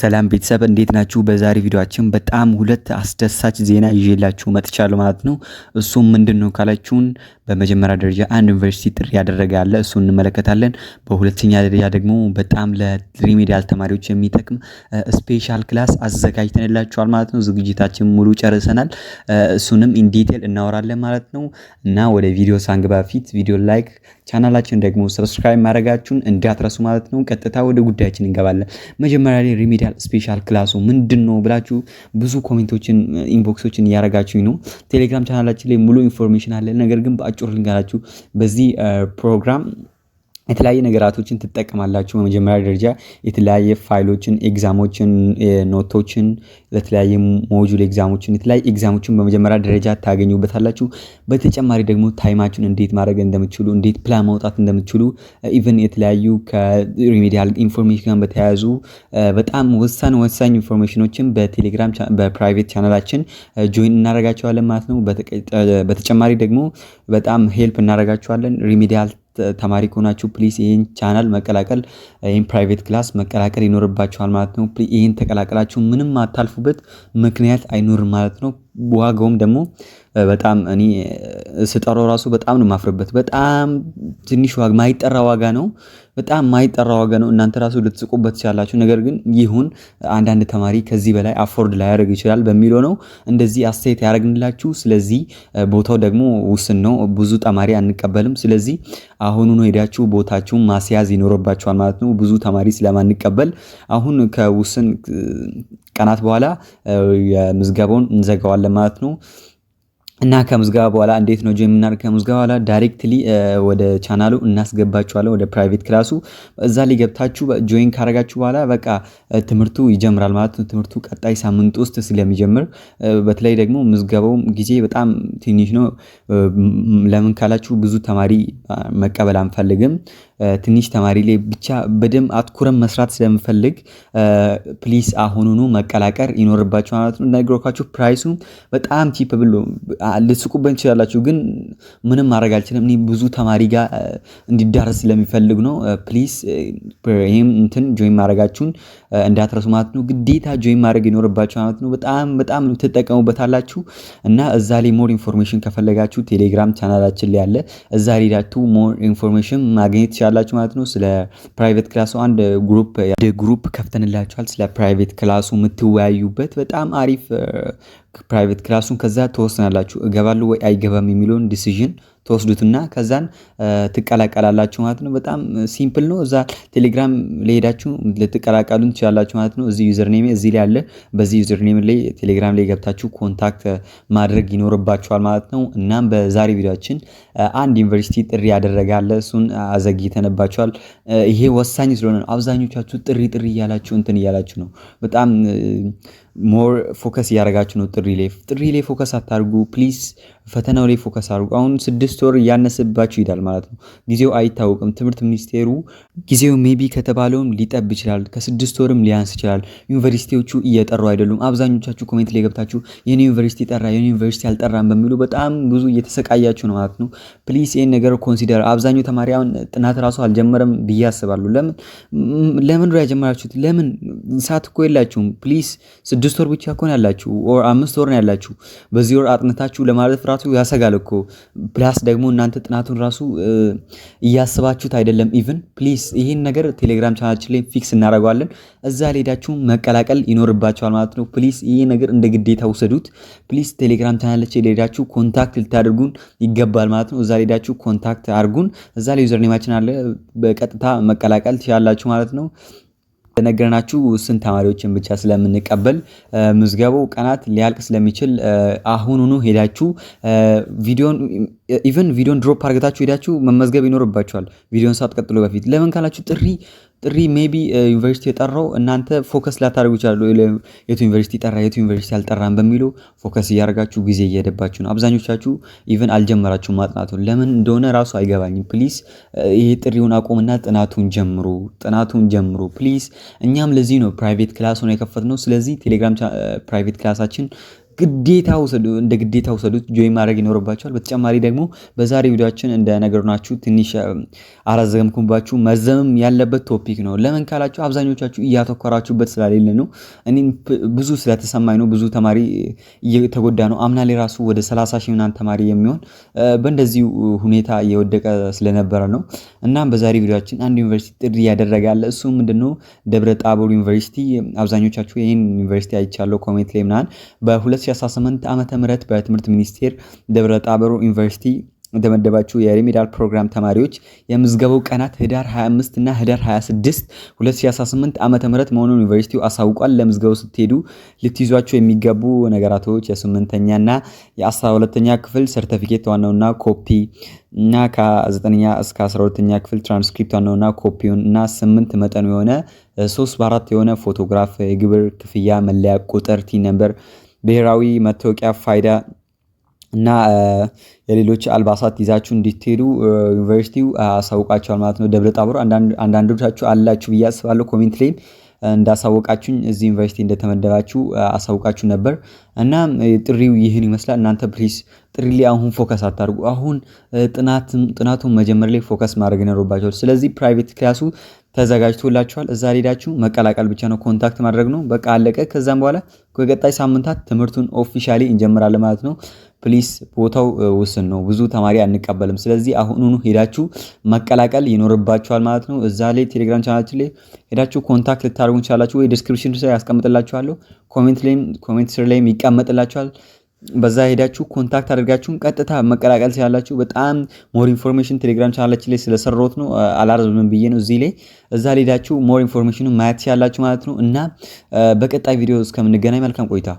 ሰላም ቤተሰብ እንዴት ናችሁ? በዛሬ ቪዲዮችን በጣም ሁለት አስደሳች ዜና ይዤላችሁ መጥቻለሁ ማለት ነው። እሱም ምንድን ነው ካላችሁን በመጀመሪያ ደረጃ አንድ ዩኒቨርሲቲ ጥሪ ያደረገ ያለ እሱ እንመለከታለን። በሁለተኛ ደረጃ ደግሞ በጣም ለሪሜዲያል ተማሪዎች የሚጠቅም ስፔሻል ክላስ አዘጋጅተንላችኋል ማለት ነው። ዝግጅታችን ሙሉ ጨርሰናል፣ እሱንም ኢንዲቴል እናወራለን ማለት ነው። እና ወደ ቪዲዮ ሳንግባ ፊት ቪዲዮ ላይክ፣ ቻናላችን ደግሞ ሰብስክራይብ ማድረጋችሁን እንዳትረሱ ማለት ነው። ቀጥታ ወደ ጉዳያችን እንገባለን። መጀመሪያ ሪሚዲያል ስፔሻል ክላሱ ምንድን ነው ብላችሁ ብዙ ኮሜንቶችን ኢንቦክሶችን እያረጋችሁኝ ነው። ቴሌግራም ቻናላችን ላይ ሙሉ ኢንፎርሜሽን አለ። ነገር ግን በአጭሩ ልንገራችሁ በዚህ ፕሮግራም የተለያየ ነገራቶችን ትጠቀማላችሁ። በመጀመሪያ ደረጃ የተለያየ ፋይሎችን፣ ኤግዛሞችን፣ ኖቶችን፣ ለተለያየ ሞጁል ኤግዛሞችን፣ የተለያየ ኤግዛሞችን በመጀመሪያ ደረጃ ታገኙበታላችሁ። በተጨማሪ ደግሞ ታይማችሁን እንዴት ማድረግ እንደምችሉ፣ እንዴት ፕላን ማውጣት እንደምችሉ ኢቨን የተለያዩ ከሪሜዲያል ኢንፎርሜሽን ጋር በተያያዙ በጣም ወሳን ወሳኝ ኢንፎርሜሽኖችን በቴሌግራም በፕራይቬት ቻናላችን ጆይን እናደርጋቸዋለን ማለት ነው። በተጨማሪ ደግሞ በጣም ሄልፕ እናደርጋቸዋለን ሪሜዲያል ተማሪ ከሆናችሁ ፕሊስ ይህን ቻናል መቀላቀል ይህን ፕራይቬት ክላስ መቀላቀል ይኖርባችኋል ማለት ነው። ይህን ተቀላቀላችሁ ምንም አታልፉበት ምክንያት አይኖርም ማለት ነው። ዋጋውም ደግሞ በጣም እኔ ስጠራው ራሱ በጣም ነው ማፍርበት። በጣም ትንሽ ዋጋ ማይጠራ ዋጋ ነው፣ በጣም ማይጠራ ዋጋ ነው። እናንተ ራሱ ልትስቁበት ትችላላችሁ። ነገር ግን ይሁን አንዳንድ ተማሪ ከዚህ በላይ አፎርድ ላያደርግ ይችላል በሚለው ነው እንደዚህ አስተያየት ያደረግንላችሁ። ስለዚህ ቦታው ደግሞ ውስን ነው፣ ብዙ ተማሪ አንቀበልም። ስለዚህ ነው ሄዳችሁ ቦታችሁን ማስያዝ ይኖርባችኋል ማለት ነው። ብዙ ተማሪ ስለማንቀበል አሁን ከውስን ቀናት በኋላ የምዝገባውን እንዘጋዋለን ማለት ነው። እና ከምዝገባ በኋላ እንዴት ነው ጆይን የምናደርግ? ከምዝገባ በኋላ ዳይሬክትሊ ወደ ቻናሉ እናስገባችኋለን፣ ወደ ፕራይቬት ክላሱ። እዛ ላይ ገብታችሁ ጆይን ካረጋችሁ በኋላ በቃ ትምህርቱ ይጀምራል ማለት ነው። ትምህርቱ ቀጣይ ሳምንት ውስጥ ስለሚጀምር በተለይ ደግሞ ምዝገባው ጊዜ በጣም ትንሽ ነው። ለምን ካላችሁ ብዙ ተማሪ መቀበል አንፈልግም። ትንሽ ተማሪ ላይ ብቻ በደንብ አትኩረን መስራት ስለምፈልግ ፕሊስ አሁኑኑ መቀላቀር ይኖርባችሁ ማለት ነው። እንዳይግሮካችሁ ፕራይሱ በጣም ቺፕ ብሎ ልስቁበን እንችላላችሁ፣ ግን ምንም ማድረግ አልችልም። እኔ ብዙ ተማሪ ጋር እንዲዳረስ ስለሚፈልግ ነው። ፕሊስ ይህም እንትን ጆይን ማድረጋችሁን እንዳትረሱ ማለት ነው። ግዴታ ጆይን ማድረግ ይኖርባችሁ ማለት ነው። በጣም በጣም ትጠቀሙበታላችሁ እና እዛ ላይ ሞር ኢንፎርሜሽን ከፈለጋችሁ ቴሌግራም ቻናላችን ላይ ያለ እዛ ላይ ሄዳችሁ ሞር ኢንፎርሜሽን ማግኘት ትችላላችሁ ማለት ነው። ስለ ፕራይቬት ክላሱ አንድ ግሩፕ ግሩፕ ከፍተንላችኋል። ስለ ፕራይቬት ክላሱ የምትወያዩበት በጣም አሪፍ ፕራይቬት ክላሱን ከዛ ትወስናላችሁ እገባለሁ ወይ አይገባም የሚለውን ዲሲዥን ተወስዱትና ከዛን ትቀላቀላላችሁ ማለት ነው። በጣም ሲምፕል ነው። እዛ ቴሌግራም ለሄዳችሁ ልትቀላቀሉን ትችላላችሁ ማለት ነው። እዚህ ዩዘርኔም እዚህ ላይ አለ። በዚህ ዩዘርኔም ላይ ቴሌግራም ላይ ገብታችሁ ኮንታክት ማድረግ ይኖርባችኋል ማለት ነው። እናም በዛሬ ቪዲዮችን አንድ ዩኒቨርሲቲ ጥሪ ያደረጋለ እሱን አዘግይተንባችኋል። ይሄ ወሳኝ ስለሆነ ነው። አብዛኞቻችሁ ጥሪ ጥሪ እያላችሁ እንትን እያላችሁ ነው በጣም ሞር ፎከስ እያደረጋችሁ ነው። ጥሪ ላይ ጥሪ ላይ ፎከስ አታርጉ ፕሊዝ። ፈተናው ላይ ፎከስ አድርጉ። አሁን ስድስት ከስድስት ወር እያነሰባቸው ይሄዳል ማለት ነው። ጊዜው አይታወቅም። ትምህርት ሚኒስቴሩ ጊዜው ሜቢ ከተባለውም ሊጠብ ይችላል፣ ከስድስት ወርም ሊያንስ ይችላል። ዩኒቨርሲቲዎቹ እየጠሩ አይደሉም። አብዛኞቻችሁ ኮሜንት ላይ ገብታችሁ የኔ ዩኒቨርሲቲ ጠራ፣ የኔ ዩኒቨርሲቲ አልጠራም በሚሉ በጣም ብዙ እየተሰቃያችሁ ነው ማለት ነው። ፕሊስ ይህን ነገር ኮንሲደር። አብዛኛው ተማሪ አሁን ጥናት ራሱ አልጀመረም ብዬ አስባለሁ። ለምን ለምን ያጀመራችሁት? ለምን ሰዓት እኮ የላችሁም። ፕሊስ ስድስት ወር ብቻ እኮ ነው ያላችሁ፣ አምስት ወር ነው ያላችሁ። በዚህ ወር አጥንታችሁ ለማለት ራሱ ያሰጋል እኮ ፕላስ ደግሞ እናንተ ጥናቱን ራሱ እያስባችሁት አይደለም። ኢቭን ፕሊስ ይህን ነገር ቴሌግራም ቻናችን ላይ ፊክስ እናደርገዋለን። እዛ ሄዳችሁ መቀላቀል ይኖርባቸዋል ማለት ነው። ፕሊስ ይህ ነገር እንደ ግዴታ ውሰዱት። ፕሊስ ቴሌግራም ቻናላችን ሄዳችሁ ኮንታክት ልታደርጉን ይገባል ማለት ነው። እዛ ሄዳችሁ ኮንታክት አድርጉን። እዛ ላይ ዩዘርኔማችን አለ። በቀጥታ መቀላቀል ትችላላችሁ ማለት ነው። እንደነገርናችሁ ውስን ተማሪዎችን ብቻ ስለምንቀበል ምዝገባው ቀናት ሊያልቅ ስለሚችል አሁኑኑ ሄዳችሁ ቪዲዮን ኢቨን ቪዲዮን ድሮፕ አርገታችሁ ሄዳችሁ መመዝገብ ይኖርባችኋል። ቪዲዮን ሳትቀጥሎ በፊት ለምን ካላችሁ ጥሪ ጥሪ ሜቢ ዩኒቨርሲቲ uh, የጠራው እናንተ ፎከስ ላታደርጉ ይችላሉ። የቱ ዩኒቨርሲቲ ጠራ፣ የቱ ዩኒቨርሲቲ አልጠራም በሚለው ፎከስ እያደርጋችሁ ጊዜ እየሄደባችሁ ነው። አብዛኞቻችሁ ኢቨን አልጀመራችሁ ማጥናቱን። ለምን እንደሆነ ራሱ አይገባኝም። ፕሊስ uh, ይሄ ጥሪውን አቁምና ጥናቱን ጀምሩ፣ ጥናቱን ጀምሩ ፕሊስ። እኛም ለዚህ ነው ፕራይቬት ክላስ ሆነ የከፈትነው። ስለዚህ ቴሌግራም ፕራይቬት ክላሳችን uh, ግዴታ ውሰዱ፣ እንደ ግዴታ ውሰዱት። ጆይ ማድረግ ይኖርባቸዋል። በተጨማሪ ደግሞ በዛሬ ቪዲዮችን ናችሁ ትንሽ አራዘምኩባችሁ መዘምም ያለበት ቶፒክ ነው። ለምን ካላችሁ አብዛኞቻችሁ እያተኮራችሁበት ስላሌለ ነው። እኔም ብዙ ስለተሰማኝ ነው። ብዙ ተማሪ እየተጎዳ ነው። አምና ላይ ራሱ ወደ 30 ሺህ ምናምን ተማሪ የሚሆን በእንደዚህ ሁኔታ እየወደቀ ስለነበረ ነው። እናም በዛሬ ቪዲዮችን አንድ ዩኒቨርሲቲ ጥሪ ያደረጋለ እሱ ምንድነው? ደብረ ታቦር ዩኒቨርሲቲ። አብዛኞቻችሁ ይህን ዩኒቨርሲቲ አይቻለሁ ኮሜንት ላይ ምናምን በሁለት 2018 ዓ ም በትምህርት ሚኒስቴር ደብረ ጣበሮ ዩኒቨርሲቲ የተመደባችሁ የሪሜዲያል ፕሮግራም ተማሪዎች የምዝገባው ቀናት ህዳር 25 እና ህዳር 26 2018 ዓ ም መሆኑን ዩኒቨርሲቲው አሳውቋል። ለምዝገባው ስትሄዱ ልትይዟቸው የሚገቡ ነገራቶች የ8ኛ እና የ12ኛ ክፍል ሰርተፊኬት ዋናውና ኮፒ እና ከ9ኛ እስከ 12ኛ ክፍል ትራንስክሪፕት ዋናውና ኮፒውን እና 8 መጠኑ የሆነ 3 4 የሆነ ፎቶግራፍ፣ የግብር ክፍያ መለያ ቁጥር ቲ ነበር። ብሔራዊ መታወቂያ ፋይዳ እና የሌሎች አልባሳት ይዛችሁ እንድትሄዱ ዩኒቨርሲቲው አሳውቃቸዋል ማለት ነው። ደብረ ታቦር አንዳንዶቻችሁ አላችሁ ብዬ አስባለሁ። ኮሜንት ላይም እንዳሳወቃችሁኝ እዚህ ዩኒቨርሲቲ እንደተመደባችሁ አሳውቃችሁ ነበር እና ጥሪው ይህን ይመስላል። እናንተ ፕሊስ ጥሪ ላይ አሁን ፎከስ አታርጉ። አሁን ጥናቱን መጀመር ላይ ፎከስ ማድረግ ይኖርባቸዋል። ስለዚህ ፕራይቬት ክላሱ ተዘጋጅቶላችኋል። እዛ ሄዳችሁ መቀላቀል ብቻ ነው፣ ኮንታክት ማድረግ ነው። በቃ አለቀ። ከዛም በኋላ ከቀጣይ ሳምንታት ትምህርቱን ኦፊሻሊ እንጀምራለን ማለት ነው። ፕሊስ ቦታው ውስን ነው፣ ብዙ ተማሪ አንቀበልም። ስለዚህ አሁኑኑ ሄዳችሁ መቀላቀል ይኖርባችኋል ማለት ነው። እዛ ላይ ቴሌግራም ቻናላችን ላይ ሄዳችሁ ኮንታክት ልታደርጉ ትችላላችሁ። ወይ ዲስክሪፕሽን ላይ ያስቀምጥላችኋለሁ፣ ኮሜንት ላይም ኮሜንት ስር ላይም ይቀመጥላችኋል። በዛ ሄዳችሁ ኮንታክት አድርጋችሁን ቀጥታ መቀላቀል ስላላችሁ በጣም ሞር ኢንፎርሜሽን ቴሌግራም ቻናላችን ላይ ስለሰራሁት ነው አላረዝምም ብዬ ነው እዚህ ላይ እዛ ላይ ሄዳችሁ ሞር ኢንፎርሜሽኑ ማየት ስላላችሁ ማለት ነው። እና በቀጣይ ቪዲዮ እስከምንገናኝ መልካም ቆይታ